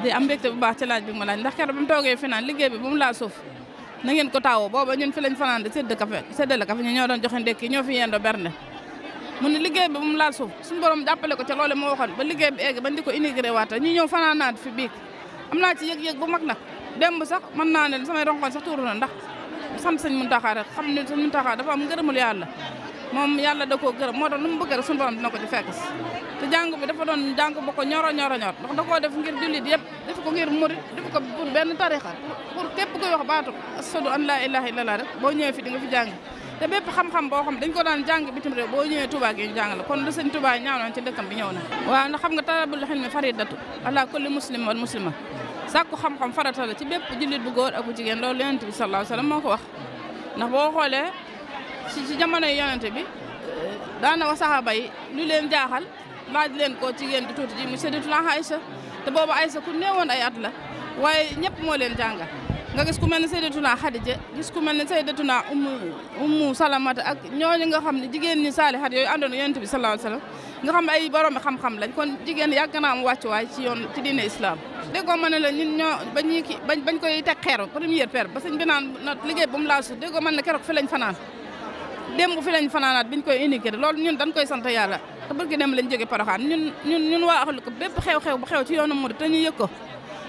di am mbégte bu baax ci laaj bi ma ndax keroog bi mu toogee fi naan liggéey bi bu mu laal suuf na ngeen ko taawoo booba ñun fi lañ fanaan di sédd café séddale café ñu ñoo doon joxe ndekki ñoo fi yendoo bernde mu ne liggéey bi bu mu laal suuf suñu borom jàppale ko ca loole moo ba liggéey bi egg bañ di ko intégré waata ñu ñëw fanaanaat fi biig am naa ci yëg-yëg bu mag nag démb sax mën naa ne samay ronkoon sax tuuru na ndax sant sëñ Muntaxa rek xam ne sëñ moom yàlla da koo gërëm moo tax lu mu bëgg rek suñu borom dina ko ci fekk si te jàng bi dafa doon jàng bu ko ñoro def ngir jullit yëpp def ngir murit def ko pour benn tarixa pour képp kuy wax baatu asadu an laa ilaaha rek boo ñëwee fi di fi jàng te bépp xam-xam boo xam dañ ko daan jàng bitim réew boo ñëwee Touba gi ñu kon lu sëñ Touba ci dëkkam bi ñëw na waaw ndax xam nga talabul xilmi faridatu ala kulli muslim wal muslima sàkku la ci bépp jullit bu bu jigéen loolu yonent bi sallallahu alayhi wa si si jamonoy yonente bi daana wax saxaaba yi lu leen jaaxal laaj leen ko ci yéen di tuuti ji mu Sayyidatuna Aysa te boobu Aysa ku néewoon ay at la waaye ñëpp moo leen jàngal nga gis ku mel ne Sayyidatuna Xadija gis ku mel ne Sayyidatuna Ummu Ummu Salamata ak ñooñu nga xam ne jigéen ñi saalihaat yooyu àndoon yonente bi sallallahu alayhi wasallam nga xam ay borom xam-xam lañ kon jigéen yàgg naa am wàccuwaay ci yoon ci diine islam dégg nga ma ne la ñun ñoo bañ koy teg xeeru première pierre ba sëñ naan liggéey bu mu laal suuf dégg nga man ne keroog fi fanaan démb fi lañ fanaanaat biñ koy uniqué loolu ñun dañ koy sant yàlla te barki dem lañ jóge Porokhane ñun ñun ñun waa axlu ko bépp xew-xew bu xew ci yoonu murid te ñu yëg ko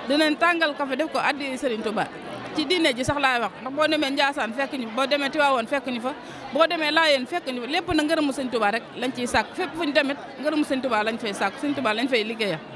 dinañ tàngal kafe def ko addi Serigne Touba ci diine ji sax laay wax ndax boo demee Ndiassane fekk ñu boo demee Tivaouane fekk ñu fa boo demee Laayeen fekk ñu fa lépp na ngërëmu Serigne Touba rek lañ ciy sàkk fépp fu ñu demit ngërëmu Serigne Touba lañ fay sàkk Serigne Touba lañ fay liggéeya